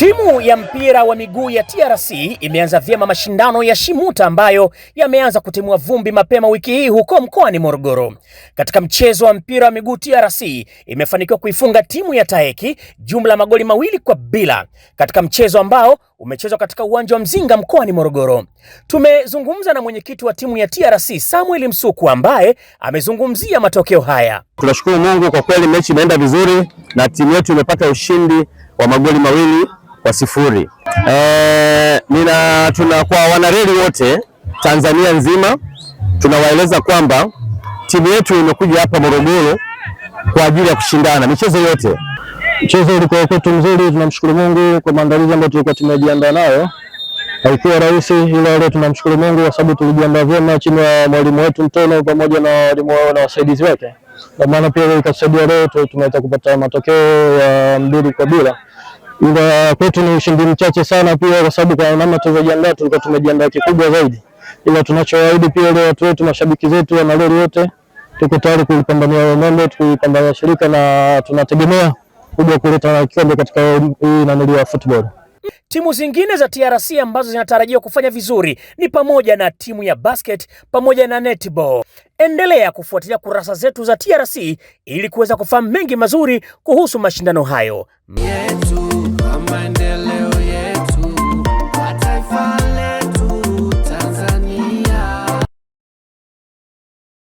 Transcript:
Timu ya mpira wa miguu ya TRC imeanza vyema mashindano ya Shimuta ambayo yameanza kutimua vumbi mapema wiki hii huko mkoani Morogoro. Katika mchezo wa mpira wa miguu TRC imefanikiwa kuifunga timu ya Taeki jumla magoli mawili kwa bila katika mchezo ambao umechezwa katika uwanja wa Mzinga mkoani Morogoro. Tumezungumza na mwenyekiti wa timu ya TRC Samuel Msuku ambaye amezungumzia matokeo haya. Tunashukuru Mungu kwa kweli, mechi imeenda vizuri na timu yetu imepata ushindi wa magoli mawili kwa sifuri. E, nina tuna kwa wanareli wote Tanzania nzima tunawaeleza kwamba timu yetu imekuja hapa Morogoro kwa ajili ya kushindana michezo yote. Mchezo ulikuwa kwetu mzuri, tunamshukuru Mungu kwa maandalizi ambayo tulikuwa tumejiandaa nayo. Haikuwa rahisi, ila leo tunamshukuru Mungu kwa sababu tulijiandaa vyema chini ya mwalimu wetu Mtono pamoja na walimu wao na wasaidizi wake, kwa maana pia ikatusaidia leo tunaweza kupata matokeo ya mbili kwa bila ila kwetu ni ushindi mchache sana pia, kwa sababu kwa namna tulivyojiandaa tulikuwa tumejiandaa kikubwa zaidi, ila tunachowaahidi pia leo watu wetu, mashabiki zetu, wanareli wote, tuko tayari kulipambania mandate, tukipambania shirika na tunategemea kuja kuleta kikombe katika hii nanili ya football. Timu zingine za TRC ambazo zinatarajiwa kufanya vizuri ni pamoja na timu ya basket pamoja na netball. Endelea kufuatilia kurasa zetu za TRC ili kuweza kufahamu mengi mazuri kuhusu mashindano hayo. Yes.